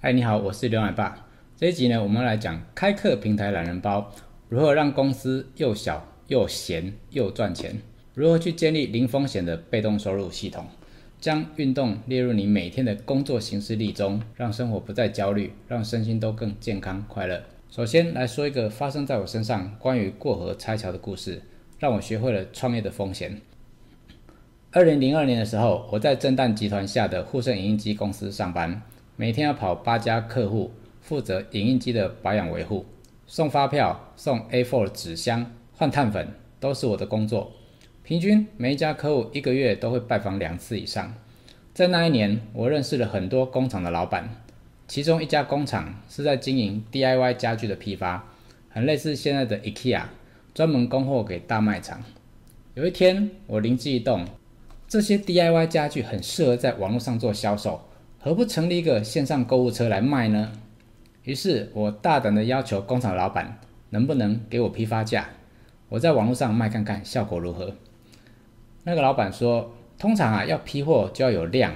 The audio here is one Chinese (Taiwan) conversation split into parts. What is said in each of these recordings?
嗨，你好，我是劉奶爸。這一集呢，我們來講開課平台懶人包，如何讓公司又小又閒又賺錢？如何去建立零風險的被動收入系統？將運動列入你每天的工作行事曆中，讓生活不再焦慮，讓身心都更健康快樂。首先來說一個發生在我身上關於過河拆橋的故事，讓我學會了創業的風險。二零零二年的時候，我在震旦集團下的滬盛影音機公司上班。每天要跑八家客戶，負責影印機的保養維護、送發票、送 A4 紙箱、換碳粉，都是我的工作。平均每一家客戶一個月都會拜訪兩次以上。在那一年，我認識了很多工廠的老闆，其中一家工廠是在經營 DIY 家具的批發，很類似現在的 IKEA，專門供貨給大賣場。有一天，我靈機一動，這些 DIY 家具很適合在網絡上做銷售。何不成立一個線上購物車來賣呢？於是我大膽的要求工廠老闆，能不能給我批發價？我在網絡上賣看看效果如何。那個老闆說，通常啊要批貨就要有量，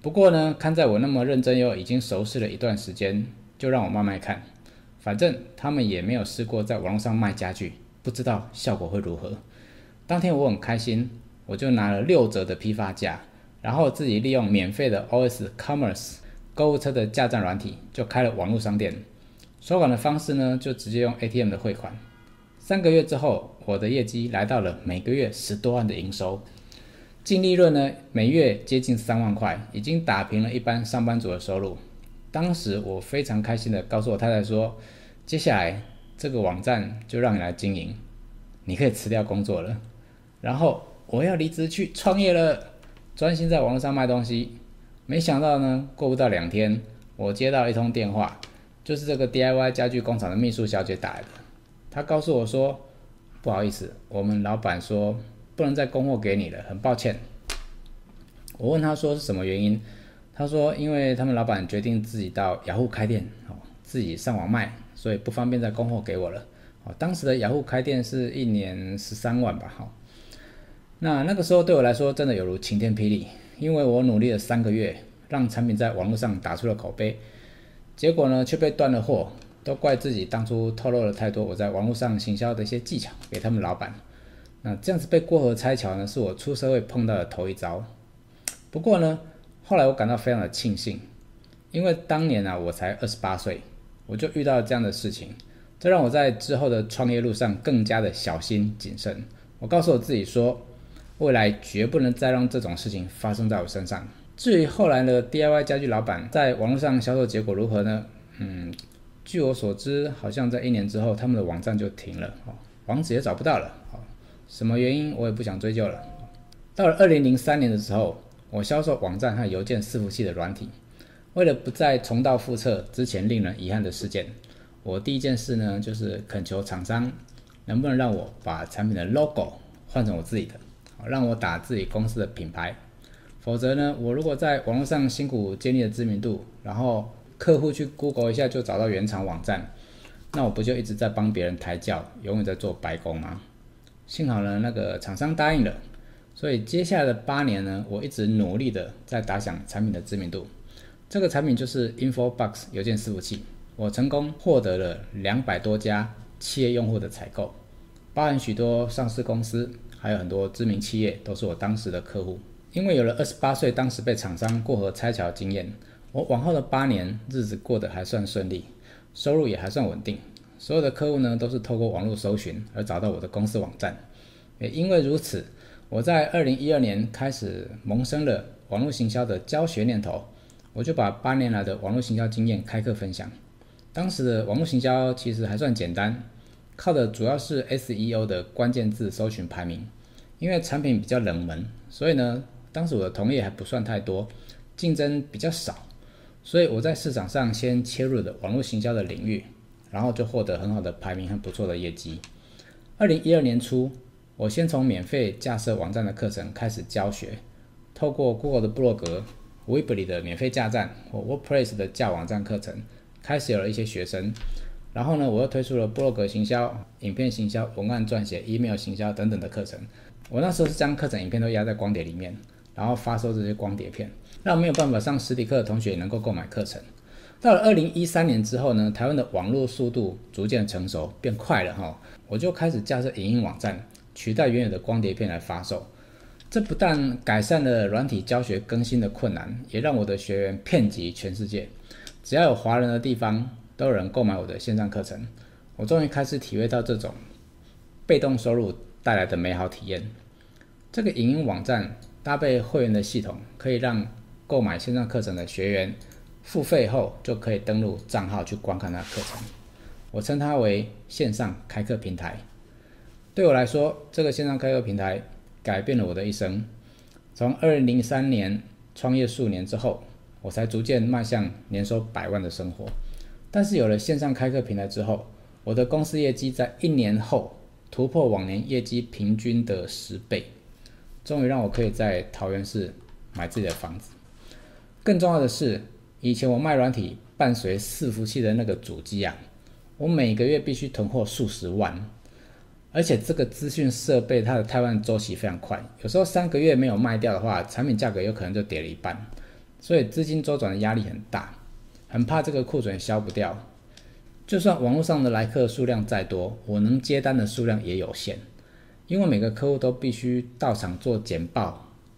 不過呢看在我那麼認真又已經熟識了一段時間，就讓我賣賣看，反正他們也沒有試過在網絡上賣傢具，不知道效果會如何。當天我很開心，我就拿了六折的批發價。然後自己利用免費的 OS Commerce 購物車的架站軟體，就開了網絡商店。收款的方式呢，就直接用 ATM 的匯款。三個月之後，我的業績來到了每個月十多萬的營收，淨利潤呢，每月接近三萬塊，已經打平了一般上班族的收入。當時我非常開心地告訴我太太說：“接下來這個網站就讓你來經營，你可以辭掉工作了，然後我要離職去創業了。”專心在網絡上賣東西，沒想到呢，過不到兩天，我接到一通電話，就是這個 DIY 家具工廠的秘書小姐打來的。她告訴我說：“不好意思，我們老板說不能再供貨給你了，很抱歉。”我問她說是什麼原因，她說：“因為他們老板決定自己到雅虎開店，哦，自己上網賣，所以不方便再供貨給我了。”哦，當時的雅虎開店是一年十三萬吧，哈。那那個時候對我來說真的有如晴天霹靂，因為我努力了三個月，讓產品在網絡上打出了口碑，結果呢卻被斷了貨，都怪自己當初透露了太多我在網絡上行銷的一些技巧給他們老板。那這樣子被過河拆橋呢，是我出社會碰到的頭一遭。不過呢，後來我感到非常的慶幸，因為當年呢，啊，我才二十八歲，我就遇到了這樣的事情，這讓我在之後的創業路上更加的小心謹慎。我告訴我自己說，未來絕不能再讓這種事情發生在我身上。至於後來呢，DIY 家具老板在網絡上銷售結果如何呢？嗯，據我所知，好像在一年之後，他們的網站就停了哦，網址也找不到了。什麼原因我也不想追究了。到了2003年的時候，我銷售網站和郵件伺服器的軟體。為了不再重蹈覆轍之前令人遺憾的事件，我第一件事呢，就是懇求廠商能不能讓我把產品的 logo 換成我自己的。讓我打自己公司的品牌，否則呢，我如果在網絡上辛苦建立了知名度，然後客戶去 Google 一下就找到原廠網站，那我不就一直在幫別人抬轎，永遠在做白工嗎？幸好呢，那個廠商答應了，所以接下來的八年呢，我一直努力的在打響產品的知名度。這個產品就是 InfoBox 郵件伺服器，我成功獲得了兩百多家企業用戶的採購，包含許多上市公司。還有很多知名企業都是我當時的客戶，因為有了二十八歲當時被廠商過河拆橋的經驗，我往後的八年日子過得還算順利，收入也還算穩定。所有的客戶呢，都是透過網絡搜尋而找到我的公司網站，也因為如此，我在二零一二年開始萌生了網絡行銷的教學念頭，我就把八年來的網絡行銷經驗開課分享。當時的網絡行銷其實還算簡單。靠的主要是 SEO 的關鍵字搜尋排名，因為產品比較冷門，所以呢，當時我的同業還不算太多，競爭比較少，所以我在市場上先切入的網絡行銷的領域，然後就獲得很好的排名，很不錯的業績。二零一二年初，我先從免費架設網站的課程開始教學，透過 Google 的部落格、Weebly 的免費架站或 WordPress 的架網站課程，開始有了一些學生。然後呢，我又推出了部落格行銷、影片行銷、文案撰寫、email 行銷等等的課程。我那時候是將課程影片都壓在光碟裡面，然後發售這些光碟片，讓我沒有辦法上實體課的同學也能夠購買課程。到了二零一三年之後呢，台灣的網絡速度逐漸成熟，變快了哈，我就開始架設影音網站，取代原有的光碟片來發售。這不但改善了軟體教學更新的困難，也讓我的學員遍及全世界，只要有華人的地方。都有人購買我的線上課程，我終於開始體會到這種被動收入帶來的美好體驗。這個影音網站搭配會員的系統，可以讓購買線上課程的學員付費後就可以登錄賬號去觀看他的課程。我稱它為線上開課平台。對我來說，這個線上開課平台改變了我的一生。從2003年創業數年之後，我才逐漸邁向年收百萬的生活。但是有了線上開課平台之後，我的公司業績在一年後突破往年業績平均的十倍，終於讓我可以在桃園市買自己的房子。更重要的是，以前我賣軟體伴隨伺服器的那個主機啊，我每個月必須囤貨數十萬，而且這個資訊設備它的汰換週期非常快，有時候三個月沒有賣掉的話，產品價格有可能就跌了一半，所以資金周轉的壓力很大。很怕這個庫存消不掉，就算網絡上的來客數量再多，我能接單的數量也有限，因為每個客戶都必須到場做簡報、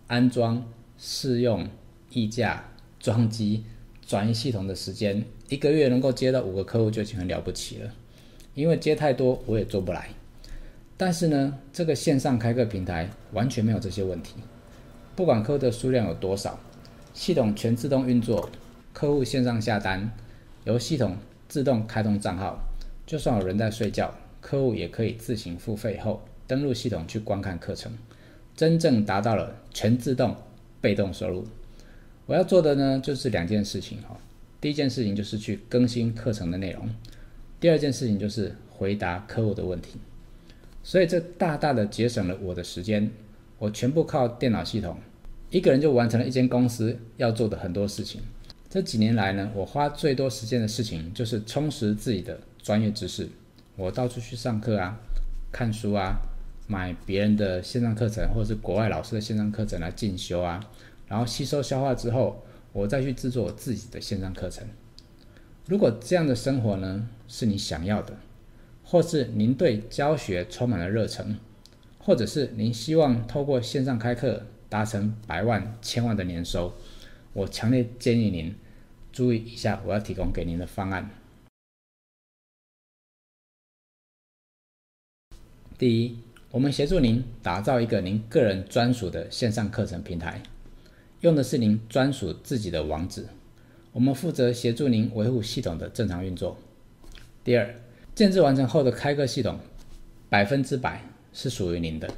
安裝、試用、議價、裝機、轉移系統的時間，一個月能夠接到五個客戶就已經很了不起了，因為接太多我也做不來。但是呢，這個線上開課平台完全沒有這些問題，不管客戶的數量有多少，系統全自動運作。客戶線上下單，由系統自動開通賬號，就算有人在睡覺，客戶也可以自行付費後登錄系統去觀看課程，真正達到了全自動被動收入。我要做的呢，就是兩件事情哈、哦：第一件事情就是去更新課程的內容，第二件事情就是回答客戶的問題。所以這大大的節省了我的時間，我全部靠電腦系統，一個人就完成了一間公司要做的很多事情。這幾年來呢，我花最多時間的事情就是充實自己的專業知識。我到處去上課啊，看書啊，買別人的線上課程，或者是國外老師的線上課程來進修啊，然後吸收消化之後，我再去製作我自己的線上課程。如果這樣的生活呢，是你想要的，或是您對教學充滿了熱忱，或者是您希望透過線上開課達成百萬、千萬的年收。我強烈建議您注意一下我要提供給您的方案。第一，我們協助您打造一個您個人專屬的線上課程平台，用的是您專屬自己的網址，我們負責協助您維護系統的正常運作。第二，建制完成後的開課系統，百分之百是屬於您的，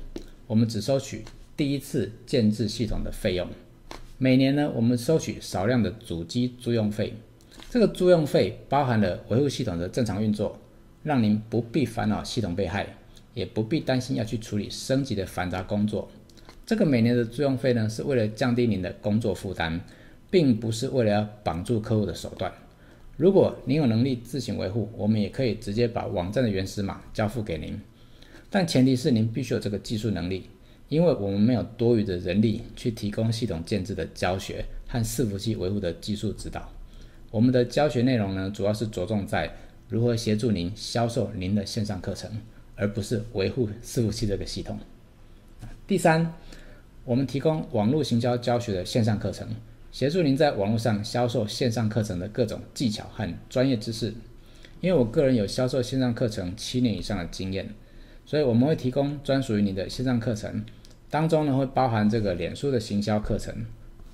我們只收取第一次建制系統的費用。每年呢，我們收取少量的主機租用費，這個租用費包含了維護系統的正常運作，讓您不必煩惱系統被駭，也不必擔心要去處理升級的繁雜工作。這個每年的租用費呢，是為了降低您的工作負擔，並不是為了要綁住客戶的手段。如果您有能力自行維護，我們也可以直接把網站的原始碼交付給您，但前提是您必須有這個技術能力。因為我們沒有多餘的人力去提供系統建制的教學和伺服器維護的技術指導，我們的教學內容呢，主要是着重在如何協助您銷售您的線上課程，而不是維護伺服器這個系統。第三，我們提供網絡行銷教學的線上課程，協助您在網絡上銷售線上課程的各種技巧和專業知識。因為我個人有銷售線上課程七年以上的經驗，所以我們會提供專屬於您的線上課程。當中呢，會包含這個臉書的行銷課程、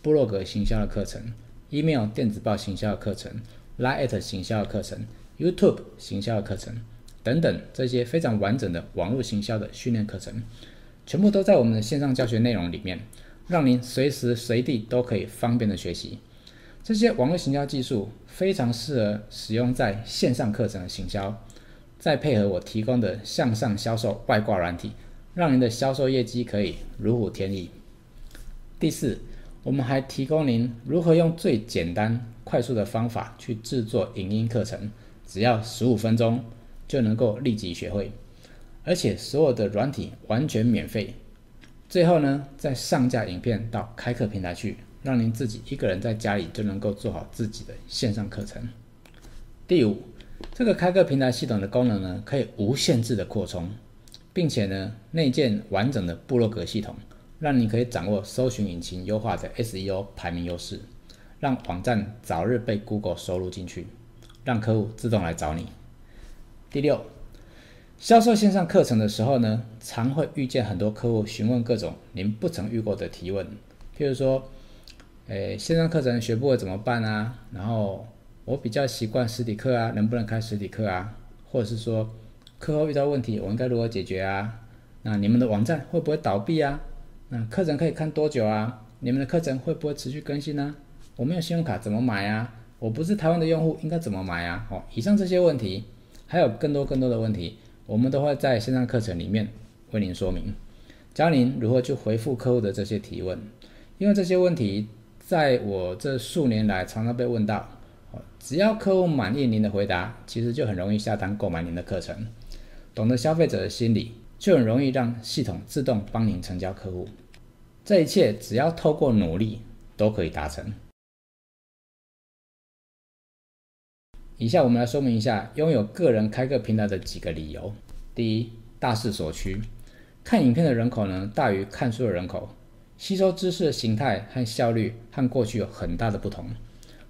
部落格行銷的課程、email 電子報行銷的課程、Line@ 行銷的課程、YouTube 行銷的課程等等這些非常完整的網絡行銷的訓練課程，全部都在我們的線上教學內容裡面，讓您隨時隨地都可以方便的學習。這些網絡行銷技術非常適合使用在線上課程的行銷，再配合我提供的向上銷售外掛軟體，讓您的銷售業績可以如虎添翼。第四，我們還提供您如何用最簡單、快速的方法去製作影音課程，只要十五分鐘就能夠立即學會，而且所有的軟體完全免費。最後呢，再上架影片到開課平台去，讓您自己一個人在家裡就能夠做好自己的線上課程。第五，這個開課平台系統的功能呢，可以無限制的擴充。並且呢，內建完整的部落格系統，讓你可以掌握搜尋引擎優化的 SEO 排名優勢，讓網站早日被 Google 收錄進去，讓客戶自動來找你。第六，銷售線上課程的時候呢，常會遇見很多客戶詢問各種您不曾遇過的提問，譬如說，誒、哎，線上課程學不會怎麼辦啊？然後我比較習慣實體課啊，能不能開實體課啊？或者是說。課後遇到問題，我應該如何解決啊？那你們的網站會不會倒閉啊？那課程可以看多久啊？你們的課程會不會持續更新呢、啊？我沒有信用卡怎麼買啊？我不是台灣的用戶應該怎麼買啊？哦，以上這些問題，還有更多更多的問題，我們都會在線上課程裡面為您說明，教您如何去回復客戶的這些提問，因為這些問題在我這數年來常常被問到，哦，只要客戶滿意您的回答，其實就很容易下單購買您的課程。懂得消費者的心理，就很容易讓系統自動幫您成交客戶。這一切只要透過努力都可以達成。以下我們來說明一下擁有個人開課平台的幾個理由：第一，大勢所趨，看影片的人口呢大於看書的人口，吸收知識的形態和效率和過去有很大的不同。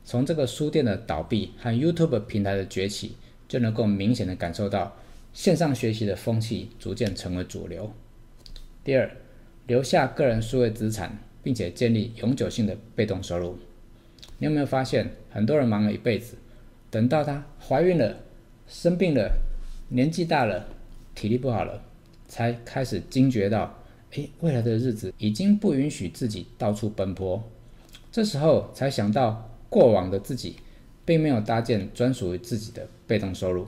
從這個書店的倒閉和 YouTube 平台的崛起，就能夠明顯的感受到。線上學習的風氣逐漸成為主流。第二，留下個人數位資產，並且建立永久性的被動收入。你有沒有發現，很多人忙了一輩子，等到他懷孕了、生病了、年紀大了、體力不好了，才開始驚覺到，哎，未來的日子已經不允許自己到處奔波，這時候才想到過往的自己，並沒有搭建專屬於自己的被動收入。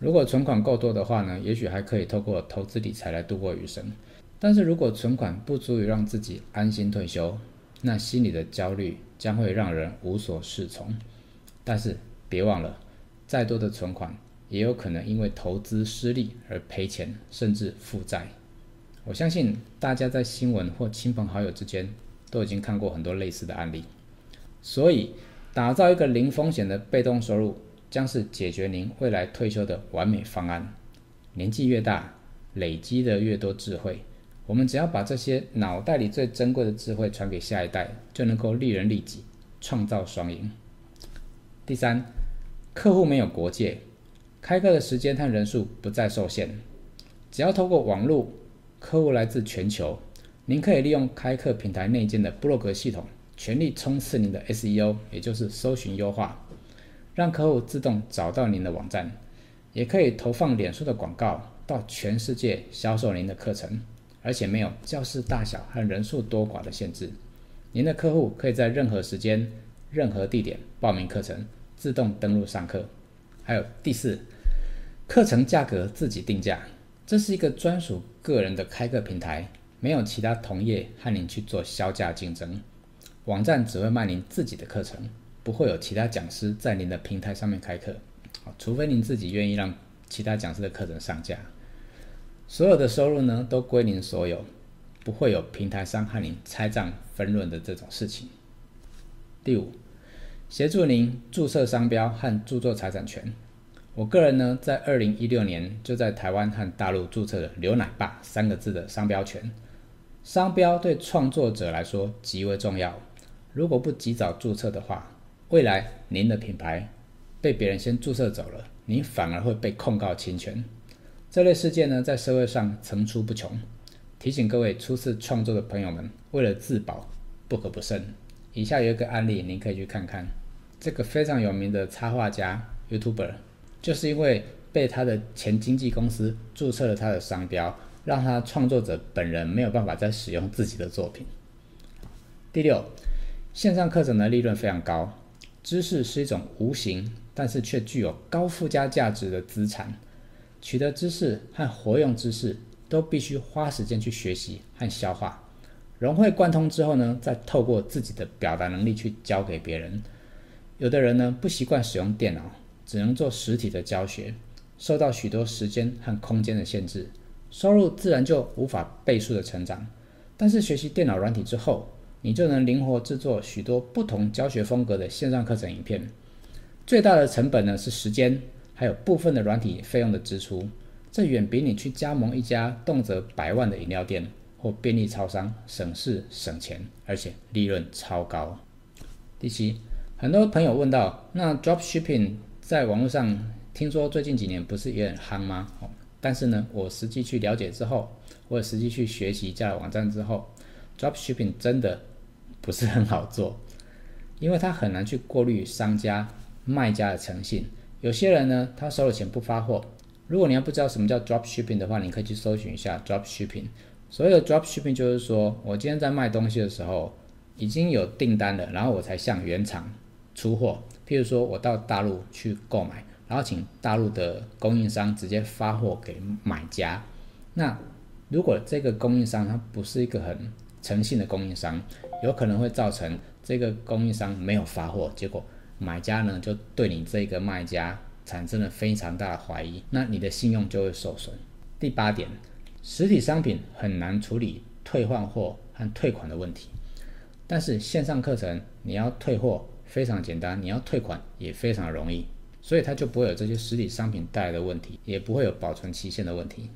如果存款夠多的話呢，也許還可以透過投資理財來度過餘生。但是如果存款不足以讓自己安心退休，那心裡的焦慮將會讓人無所適從。但是別忘了，再多的存款也有可能因為投資失利而賠錢，甚至負債。我相信大家在新聞或親朋好友之間都已經看過很多類似的案例。所以，打造一個零風險的被動收入，將是解決您未來退休的完美方案。年紀越大，累積的越多智慧。我們只要把這些腦袋裡最珍貴的智慧傳給下一代，就能夠利人利己，創造雙贏。第三，客戶沒有國界，開課的時間和人數不再受限。只要透過網絡，客戶來自全球，您可以利用開課平台內建的部落格系統，全力衝刺您的 SEO，也就是搜尋優化，讓客戶自動找到您的網站，也可以投放臉書的廣告到全世界銷售您的課程，而且沒有教室大小和人數多寡的限制。您的客戶可以在任何時間、任何地點報名課程，自動登錄上課。還有第四，課程價格自己定價，這是一個專屬個人的開課平台，沒有其他同業和您去做削價競爭，網站只會賣您自己的課程。不會有其他講師在您的平台上面開課，除非您自己願意讓其他講師的課程上架。所有的收入呢都歸您所有，不會有平台商和您、拆賬分潤的這種事情。第五，協助您註冊商標和著作財產權。我個人呢，在二零一六年就在台灣和大陸註冊了“劉奶爸”三個字的商標權。商標對創作者來說極為重要，如果不及早註冊的話，未來，您的品牌被別人先註冊走了，您反而會被控告侵權。這類事件呢，在社會上層出不窮。提醒各位初次創作的朋友們，為了自保，不可不慎。以下有一個案例，您可以去看看。這個非常有名的插畫家 YouTuber，就是因為被他的前經紀公司註冊了他的商標，讓他創作者本人沒有辦法再使用自己的作品。第六，線上課程的利潤非常高。知識是一種無形，但是卻具有高附加價值的資產。取得知識和活用知識都必須花時間去學習和消化，融會貫通之後呢，再透過自己的表達能力去教給別人。有的人呢，不習慣使用電腦，只能做實體的教學，受到許多時間和空間的限制，收入自然就無法倍數的成長。但是學習電腦軟體之後，你就能靈活製作許多不同教學風格的線上課程影片。最大的成本呢是時間，還有部分的軟體費用的支出。這遠比你去加盟一家動輒百萬的飲料店或便利超商省事省錢，而且利潤超高。第七，很多朋友問到，那 dropshipping 在網絡上聽說最近幾年不是也很夯嗎？哦，但是呢，我實際去了解之後，我實際去學習一下網站之後，dropshipping 真的。不是很好做，因為他很難去過濾商家、賣家的誠信。有些人呢，他收了錢不發貨。如果你還不知道什麼叫 drop shipping 的話，你可以去搜尋一下 drop shipping。所謂的 drop shipping，就是說我今天在賣東西的時候已經有訂單了，然後我才向原廠出貨。譬如說，我到大陸去購買，然後請大陸的供應商直接發貨給買家。那如果這個供應商他不是一個很誠信的供應商，有可能會造成這個供應商沒有發貨，結果買家呢就對你這個賣家產生了非常大的懷疑，那你的信用就會受損。第八點，實體商品很難處理退換貨和退款的問題，但是線上課程你要退貨非常簡單，你要退款也非常容易，所以它就不會有這些實體商品帶來的問題，也不會有保存期限的問題。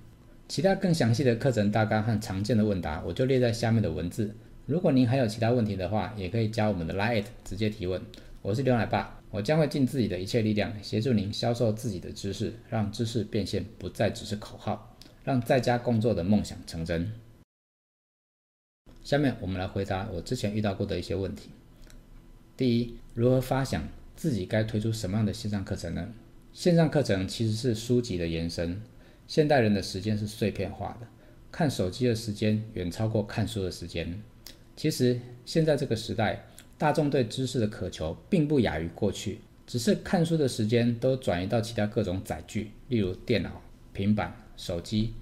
其他更詳細的課程大綱和常見的問答，我就列在下面的文字。如果您還有其他問題的話，也可以加我們的 LINE 直接提問。我是劉奶爸，我將會盡自己的一切力量協助您銷售自己的知識，讓知識變現不再只是口號，讓在家工作的夢想成真。下面我們來回答我之前遇到過的一些問題。第一，如何發想自己該推出什麼樣的線上課程呢？線上課程其實是書籍的延伸。現代人的時間是碎片化的，看手機的時間遠超過看書的時間。其實現在這個時代，大眾對知識的渴求並不亞於過去，只是看書的時間都轉移到其他各種載具，例如電腦、平板、手機。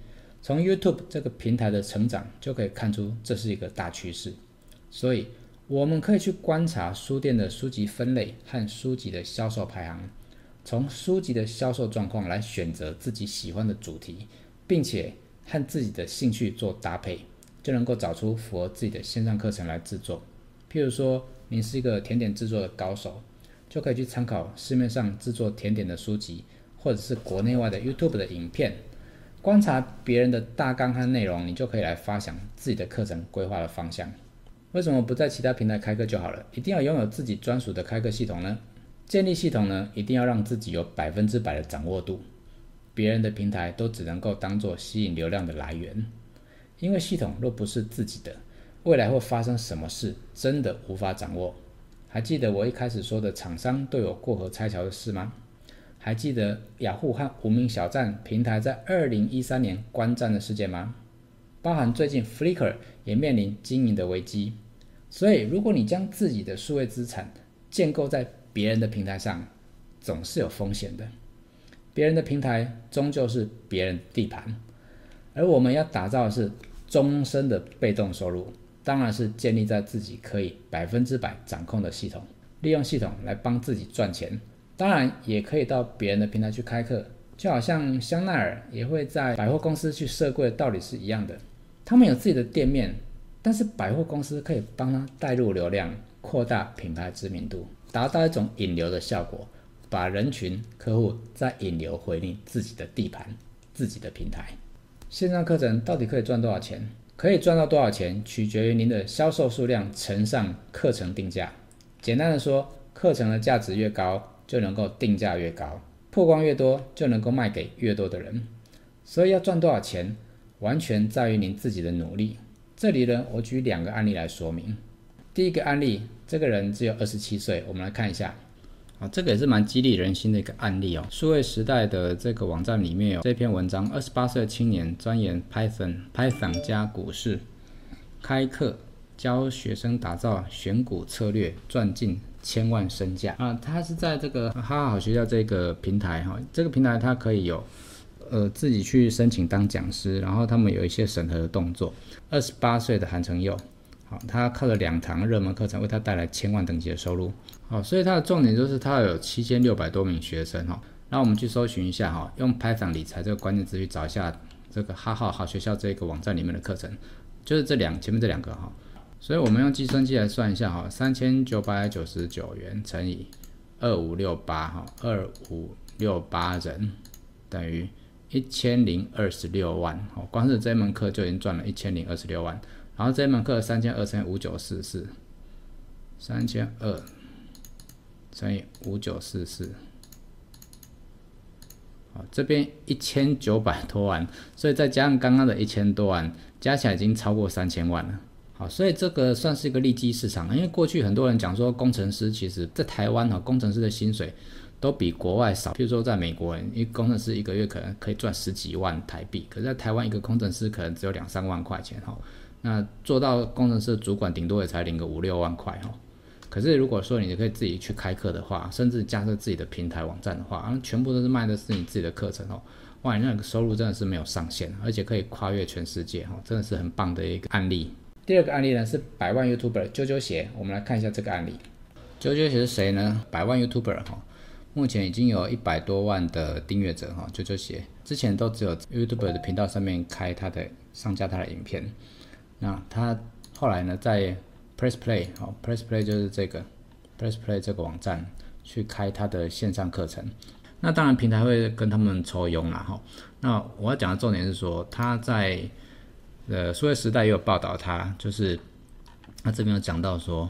從 YouTube 這個平台的成長就可以看出這是一個大趨勢。所以我們可以去觀察書店的書籍分類和書籍的銷售排行，從書籍的銷售狀況來選擇自己喜歡的主題，並且和自己的興趣做搭配。就能夠找出符合自己的線上課程來製作。譬如說，你是一個甜點製作的高手，就可以去參考市面上製作甜點的書籍，或者是國內外的 YouTube 的影片，觀察別人的大綱和內容，你就可以來發想自己的課程規劃的方向。為什麼不在其他平台開課就好了？一定要擁有自己專屬的開課系統呢？建立系統呢，一定要讓自己有百分之百的掌握度，別人的平台都只能夠當做吸引流量的來源。因為系統若不是自己的，未來會發生什麼事真的無法掌握。還記得我一開始說的廠商都有過河拆橋的事嗎？還記得雅虎和無名小站平台在二零一三年關站的事件嗎？包含最近 Flickr 也面臨經營的危機。所以，如果你將自己的數位資產建構在別人的平台上，總是有風險的。別人的平台終究是別人的地盤，而我們要打造的是。終身的被動收入，當然是建立在自己可以百分之百掌控的系統，利用系統來幫自己賺錢。當然，也可以到別人的平台去開課，就好像香奈兒也會在百貨公司去設櫃的道理是一樣的。他們有自己的店面，但是百貨公司可以幫他帶入流量，擴大品牌知名度，達到一種引流的效果，把人群、客戶再引流回你自己的地盤、自己的平台。線上課程到底可以賺多少錢？可以賺到多少錢，取決於您的銷售數量乘上課程定價。簡單的說，課程的價值越高，就能夠定價越高；曝光越多，就能夠賣給越多的人。所以要賺多少錢，完全在於您自己的努力。這裡呢，我舉兩個案例來說明。第一個案例，這個人只有二十七歲，我們來看一下。啊，這個也是蠻激勵人心的一個案例哦。數位時代的這個網站裡面有這篇文章，二十八歲的青年鑽研 Python、Python 加股市，開課教學生打造選股策略，賺進千萬身價啊！他是在這個哈哈好學校這個平台哈，這個平台它可以有，呃，自己去申請當講師，然後他們有一些審核的動作。二十八歲的韓成佑。好，他靠了兩堂熱門課程為他帶來千萬等級的收入。好，所以他的重點就是他有七千六百多名學生哈、哦。那我們去搜尋一下哈、哦，用 “Python 理財”這個關鍵詞去找一下這個“哈哈，好學校”這個網站裡面的課程，就是這兩個前面這兩個哈、哦。所以我們用計算機來算一下哈，三千九百九十九元乘以二五六八哈，二五六八人等於一千零二十六萬。哦，光是這門課就已經賺了一千零二十六萬。然後這門課三千二乘以五九四四，三千二乘以五九四四，好，這邊一千九百多萬，所以再加上剛剛的一千多萬，加起來已經超過三千萬了。好，所以這個算是一個利基市場，因為過去很多人講說，工程師其實在台灣哈、哦，工程師的薪水都比國外少。譬如說在美國，一工程師一個月可能可以賺十幾萬台幣，可是在台灣一個工程師可能只有兩三萬塊錢哈。哦。那做到工程師的主管，頂多也才領個五六萬塊哦。可是如果說你可以自己去開課的話，甚至加上自己的平台網站的話，啊，全部都是賣的是你自己的課程哦。哇，那個收入真的是沒有上限，而且可以跨越全世界哦，真的是很棒的一個案例。第二個案例呢是百萬 YouTuber 啾啾鞋，我們來看一下這個案例。啾啾鞋是誰呢？百萬 YouTuber 哦，目前已經有一百多萬的訂閱者哈哦。啾啾鞋之前都只有 YouTuber 的頻道上面開他的上架他的影片。那他後來呢，在 Press Play 哦 Press Play 就是這個 Press Play 這個網站去開他的線上課程。那當然平台會跟他們抽佣啦、啊，哈、哦。那我要講的重點是說，他在呃，數位時代也有報道，他就是他這邊有講到說，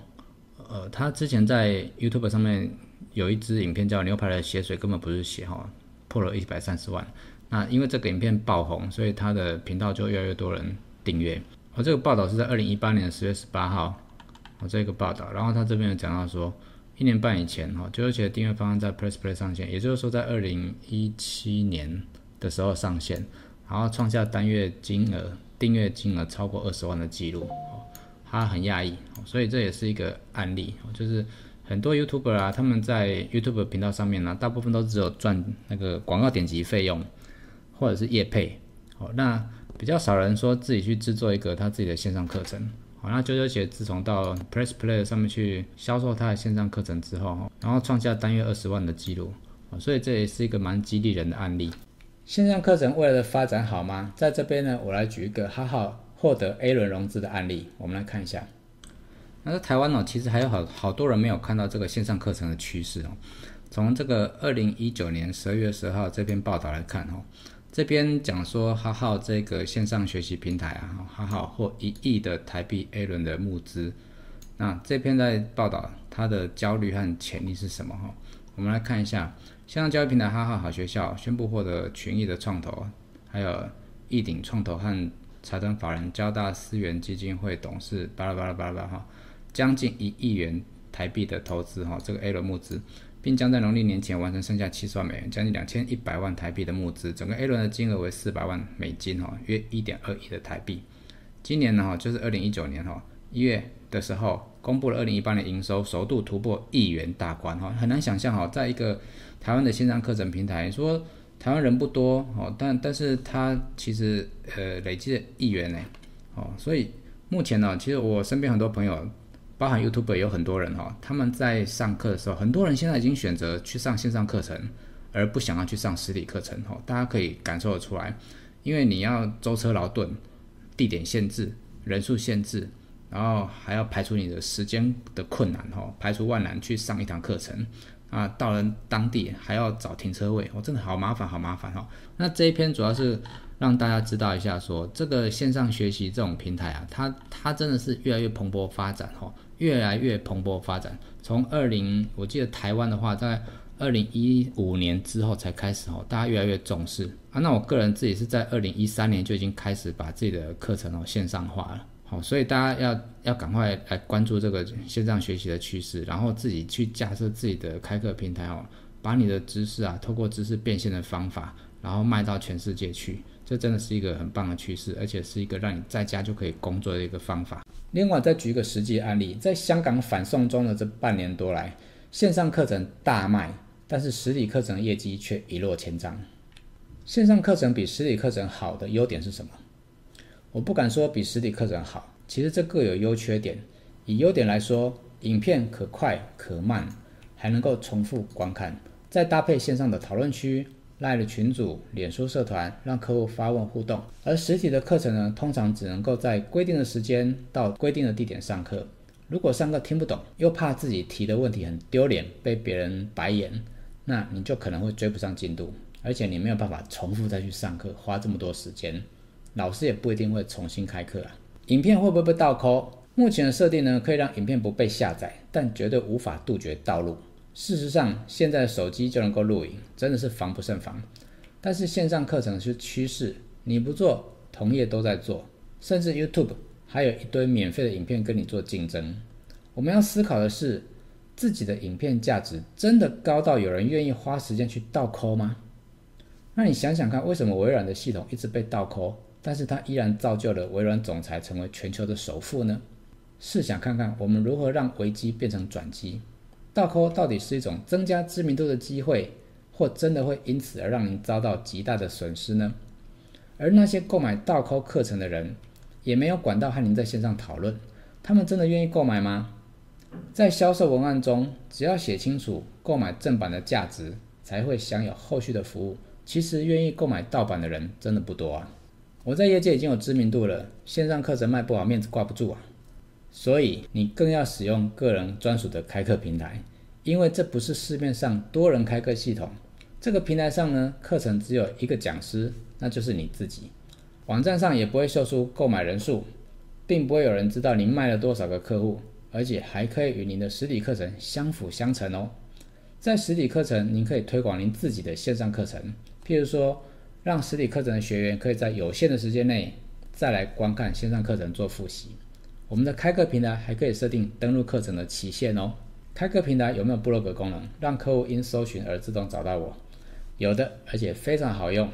呃，他之前在 YouTube 上面有一支影片叫《牛排的血水根本不是血》哈、哦，破了一百三十萬。那因為這個影片爆紅，所以他的頻道就越來越多人訂閱。哦、這個，這個報道是在二零一八年的十月十八號，哦，這個報道，然後他這邊有講到說，一年半以前，哈，就二姐訂閱方案在 Press Play 上線，也就是說在二零一七年的時候上線，然後創下單月金額訂閱金額超過二十萬的記錄，哦，他很訝異，所以這也是一個案例，哦，就是很多 YouTuber 啊，他們在 YouTube 頻道上面呢、啊，大部分都只有賺那個廣告點擊費用或者是業配，哦，那。比較少人說自己去製作一個他自己的線上課程，好，那啾啾鞋自從到 Press Play 上面去銷售他的線上課程之後，然後創下單月二十萬的記錄，所以這也是一個蠻激勵人的案例。線上課程未來的發展好嗎？在這邊呢，我來舉一個哈哈獲得 A 輪融資的案例，我們來看一下。那在台灣呢、哦，其實還有好好多人沒有看到這個線上課程的趨勢哦。從這個二零一九年十二月十號這篇報道來看哦。這篇講說，哈號這個線上學習平台啊，哈號獲一億的台幣 A 輪的募資，那這篇在報道它的焦慮和潛力是什麼哈？我們來看一下，線上教育平台哈號好學校宣布獲得群益的創投，還有益鼎創投和財團法人交大思源基金會董事巴拉巴拉巴拉哈，將近一億元台幣的投資哈，這個 A 輪募資。並將在農曆年前完成剩下七十萬美元，將近兩千一百萬台幣的募資。整個 A 輪的金額為四百萬美金，哈，約一點二億的台幣。今年呢，哈，就是二零一九年，哈，一月的時候公布了二零一八年營收，首度突破億元大關，哈，很難想象，哈，在一個台灣的線上課程平台，說台灣人不多，哈，但但是它其實呃累積了億元呢，哦，所以目前呢，其實我身邊很多朋友。包含 YouTuber 有很多人哈、哦，他們在上課的時候，很多人現在已經選擇去上線上課程，而不想要去上實體課程哈、哦。大家可以感受得出來，因為你要舟車勞頓，地點限制，人數限制，然後還要排除你的時間的困難哈、哦，排除萬難去上一堂課程啊，到了當地還要找停車位，我、哦、真的好麻煩好麻煩哈、哦。那這一篇主要是。讓大家知道一下說，說這個線上學習這種平台啊，它它真的是越來越蓬勃發展哈、哦，越來越蓬勃發展。從二零，我記得台灣的話，在二零一五年之後才開始哈、哦，大家越來越重視啊。那我個人自己是在二零一三年就已經開始把自己的課程哦線上化了，好、哦，所以大家要要趕快來關注這個線上學習的趨勢，然後自己去架設自己的開課平台哦，把你的知識啊，透過知識變現的方法，然後賣到全世界去。這真的是一個很棒的趨勢，而且是一個讓你在家就可以工作的一個方法。另外，再舉一個實際案例，在香港反送中的這半年多來，線上課程大賣，但是實體課程業績卻一落千丈。線上課程比實體課程好的優點是什麼？我不敢說比實體課程好，其實這各有優缺點。以優點來說，影片可快可慢，還能夠重複觀看，再搭配線上的討論區。賴的群組、臉書社團，讓客戶發問互動。而實體的課程呢，通常只能夠在規定的時間到規定的地點上課。如果上課聽不懂，又怕自己提的問題很丟臉，被別人白眼，那你就可能會追不上進度，而且你沒有辦法重複再去上課，花這麼多時間，老師也不一定會重新開課啊。影片會不會被倒扣？目前的設定呢，可以讓影片不被下載，但絕對無法杜絕盜錄。事實上，現在的手機就能夠錄影，真的是防不勝防。但是線上課程是趨勢，你不做，同業都在做，甚至 YouTube 還有一堆免費的影片跟你做競爭。我們要思考的是，自己的影片價值真的高到有人願意花時間去盜拷嗎？那你想想看，為什麼微軟的系統一直被盜拷，但是它依然造就了微軟總裁成為全球的首富呢？試想看看，我們如何讓危機變成轉機？盜拷到底是一種增加知名度的機會，或真的會因此而讓您遭到極大的損失呢？而那些購買盜拷課程的人，也沒有管道和您在線上討論，他們真的願意購買嗎？在銷售文案中，只要寫清楚購買正版的價值，才會享有後續的服務。其實願意購買盜版的人真的不多啊。我在業界已經有知名度了，線上課程賣不好，面子掛不住啊。所以你更要使用個人專屬的開課平台，因為這不是市面上多人開課系統。這個平台上呢，課程只有一個講師，那就是你自己。網站上也不會秀出購買人數，並不會有人知道您賣了多少個客戶，而且還可以與您的實體課程相輔相成哦。在實體課程，您可以推廣您自己的線上課程，譬如說，讓實體課程的學員可以在有限的時間內再來觀看線上課程做複習。我們的開課平台還可以設定登錄課程的期限哦。開課平台有沒有部落格功能，讓客戶因搜尋而自動找到我？有的，而且非常好用。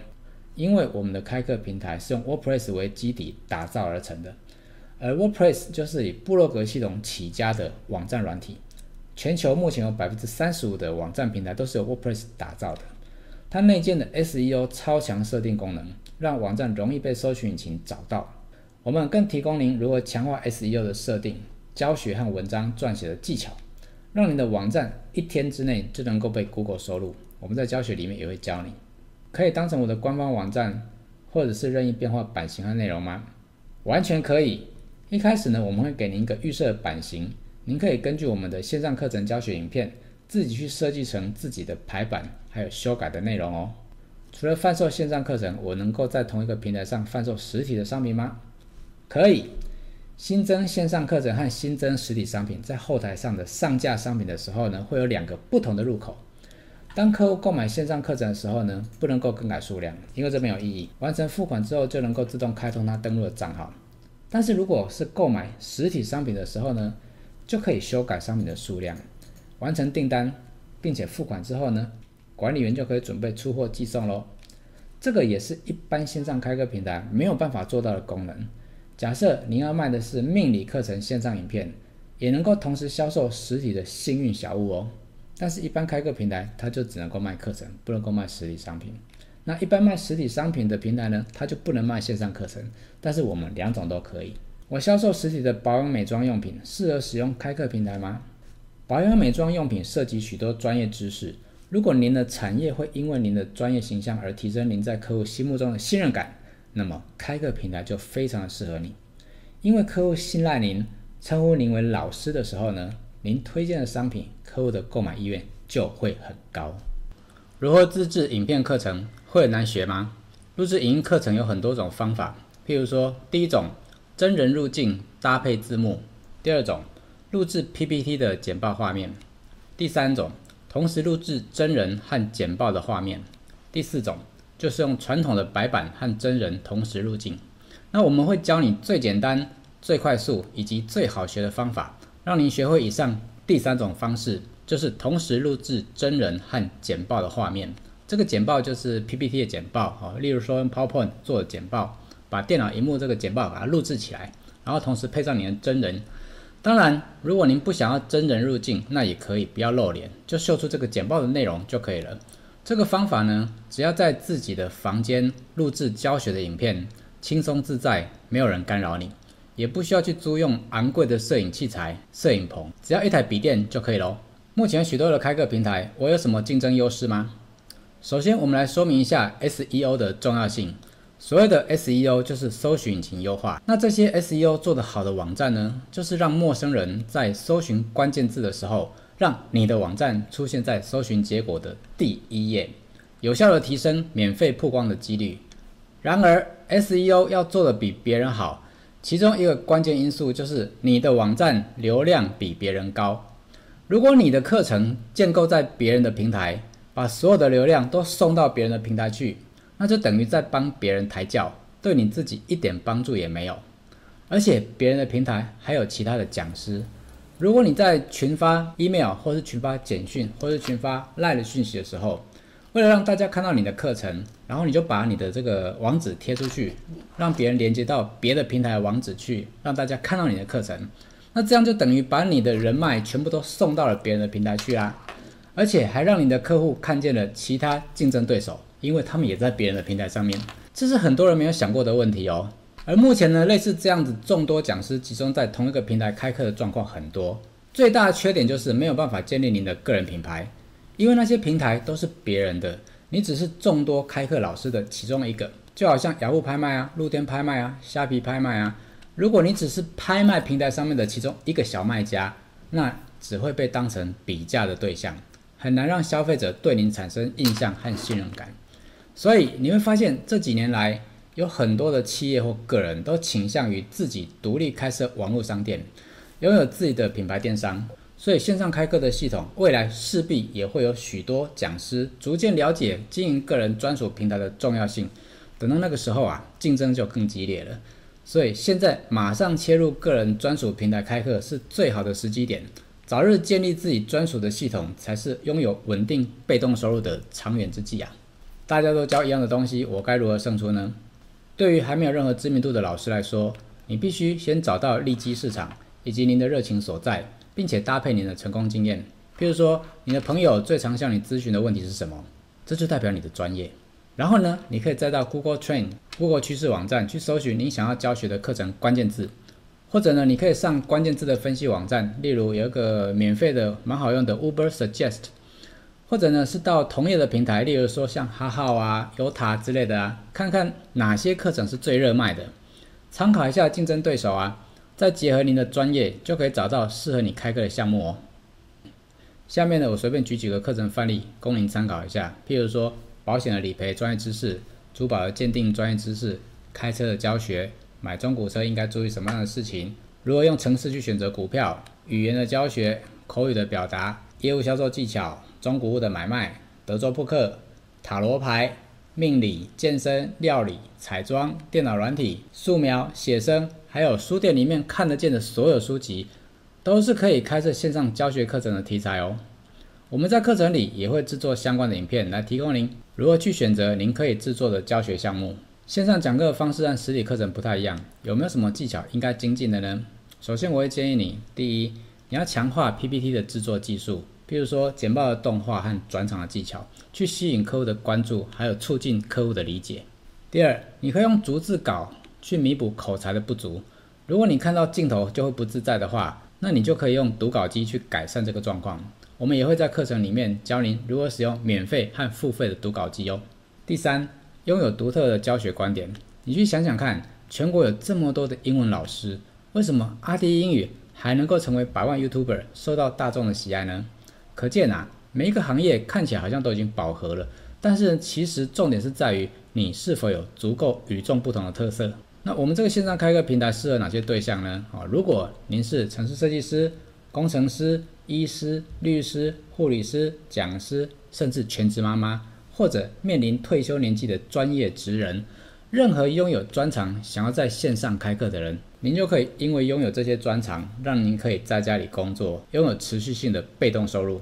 因為我們的開課平台是用 WordPress 為基底打造而成的，而 WordPress 就是以部落格系統起家的網站軟體。全球目前有百分之三十五的網站平台都是由 WordPress 打造的，它內建的 SEO 超強設定功能，讓網站容易被搜尋引擎找到。我們更提供您如何強化 SEO 的設定、教學和文章撰寫的技巧，讓您的網站一天之內就能夠被 Google 收錄。我們在教學裡面也會教你。可以當成我的官方網站，或者是任意變化版型和內容嗎？完全可以。一開始呢，我們會給您一個預設版型，您可以根據我們的線上課程教學影片，自己去設計成自己的排版，還有修改的內容哦。除了販售線上課程，我能夠在同一個平台上販售實體的商品嗎？可以新增線上課程和新增實體商品，在後台上的上架商品的時候呢，會有兩個不同的入口。當客戶購買線上課程的時候呢，不能夠更改數量，因為這沒有意義。完成付款之後，就能夠自動開通他登錄的賬號。但是如果是購買實體商品的時候呢，就可以修改商品的數量。完成訂單並且付款之後呢，管理員就可以準備出貨寄送咯。這個也是一般線上開課平台沒有辦法做到的功能。假設您要賣的是命理課程線上影片，也能夠同時銷售實體的幸運小物哦。但是，一般開課平台它就只能夠賣課程，不能夠賣實體商品。那一般賣實體商品的平台呢，它就不能賣線上課程。但是我們兩種都可以。我銷售實體的保養美妝用品，適合使用開課平台嗎？保養美妝用品涉及許多專業知識，如果您的產業會因為您的專業形象而提升您在客戶心目中的信任感。那麼開個平台就非常的適合你，因為客戶信賴您，稱呼您為老師的時候呢，您推薦的商品，客戶的購買意願就會很高。如何自製影片課程會很難學嗎？錄製影音課程有很多種方法，譬如說第一種，真人入鏡搭配字幕；第二種，錄製 PPT 的簡報畫面；第三種，同時錄製真人和簡報的畫面；第四種。就是用傳統的白板和真人同時入鏡，那我們會教你最簡單、最快速以及最好學的方法，讓你學會以上第三種方式，就是同時錄製真人和簡報的畫面。這個簡報就是 PPT 的簡報啊、哦，例如說用 PowerPoint 做的簡報，把電腦熒幕這個簡報把它錄製起來，然後同時配上你的真人。當然，如果您不想要真人入鏡，那也可以不要露臉，就秀出這個簡報的內容就可以了。這個方法呢，只要在自己的房間錄製教學的影片，輕鬆自在，沒有人干擾你，也不需要去租用昂貴的攝影器材、攝影棚，只要一台筆電就可以囉。目前許多的開課平台，我有什麼競爭優勢嗎？首先，我們來說明一下 SEO 的重要性。所謂的 SEO 就是搜尋引擎優化。那這些 SEO 做得好的網站呢，就是讓陌生人在搜尋關鍵字的時候，讓你的網站出現在搜尋結果的第一頁，有效的提升免費曝光的幾率。然而，SEO 要做的比別人好，其中一個關鍵因素就是你的網站流量比別人高。如果你的課程建構在別人的平台，把所有的流量都送到別人的平台去，那就等於在幫別人抬轎，對你自己一點幫助也沒有。而且，別人的平台還有其他的講師。如果你在群發 email 或是群發簡訊或是群發 line 的訊息的時候，為了讓大家看到你的課程，然後你就把你的這個網址貼出去，讓別人連接到別的平台的網址去，讓大家看到你的課程，那這樣就等於把你的人脈全部都送到了別人的平台去啦，而且還讓你的客戶看見了其他競爭對手，因為他們也在別人的平台上面，這是很多人沒有想過的問題哦。而目前呢，類似這樣子眾多講師集中在同一個平台開課的狀況很多，最大的缺點就是沒有辦法建立您的個人品牌，因為那些平台都是別人的，你只是眾多開課老師的其中一個，就好像雅虎拍賣啊、露天拍賣啊、蝦皮拍賣啊，如果你只是拍賣平台上面的其中一個小賣家，那只會被當成比價的對象，很難讓消費者對您產生印象和信任感，所以你會發現這幾年來。有很多的企業或個人都傾向於自己獨立開設網絡商店，擁有自己的品牌電商，所以線上開課的系統未來勢必也會有許多講師逐漸了解經營個人專屬平台的重要性。等到那個時候啊，競爭就更激烈了。所以現在馬上切入個人專屬平台開課是最好的時機點，早日建立自己專屬的系統才是擁有穩定被動收入的長遠之計啊！大家都教一樣的東西，我該如何勝出呢？對於還沒有任何知名度的老師來說，你必須先找到利基市場以及您的熱情所在，並且搭配您的成功經驗。比如說，你的朋友最常向你諮詢的問題是什麼？這就代表你的專業。然後呢，你可以再到 Google Train、Google 趨勢網站去搜尋您想要教學的課程關鍵字，或者呢，你可以上關鍵字的分析網站，例如有一個免費的蠻好用的 Uber Suggest。或者呢，是到同業的平台，例如說像 Hahow 啊、YOTTA 之類的啊，看看哪些課程是最熱賣的，參考一下競爭對手啊，再結合您的專業，就可以找到適合你開課的項目哦。下面呢，我隨便舉幾個課程範例供您參考一下，譬如說保險的理賠專業知識、珠寶的鑑定專業知識、開車的教學、買中古車應該注意什麼樣的事情、如何用程式去選擇股票、語言的教學、口語的表達、業務銷售技巧。中古物的買賣、德州撲克、塔羅牌、命理、健身、料理、彩妝、電腦軟體、素描、寫生，還有書店裡面看得見的所有書籍，都是可以開設線上教學課程的題材哦。我們在課程裡也會製作相關的影片來提供您如何去選擇您可以製作的教學項目。線上講課的方式和實體課程不太一樣，有沒有什麼技巧應該精進的呢？首先，我會建議你，第一，你要強化 PPT 的製作技術。比如說簡報的動畫和轉場的技巧，去吸引客戶的關注，還有促進客戶的理解。第二，你可以用逐字稿去彌補口才的不足。如果你看到鏡頭就會不自在的話，那你就可以用讀稿機去改善這個狀況。我們也會在課程裡面教您如何使用免費和付費的讀稿機哦。第三，擁有獨特的教學觀點。你去想想看，全國有這麼多的英文老師，為什麼阿滴英語還能夠成為百萬 YouTuber，受到大眾的喜愛呢？可見啊，每一個行業看起來好像都已經飽和了，但是其實重點是在於你是否有足夠與眾不同的特色。那我們這個線上開課平台適合哪些對象呢？哦，如果您是程式設計師、工程師、醫師、律師、護理師、講師，甚至全職媽媽，或者面臨退休年紀的專業職人。任何擁有專長、想要在線上開課的人，您就可以因為擁有這些專長，讓您可以在家裡工作，擁有持續性的被動收入。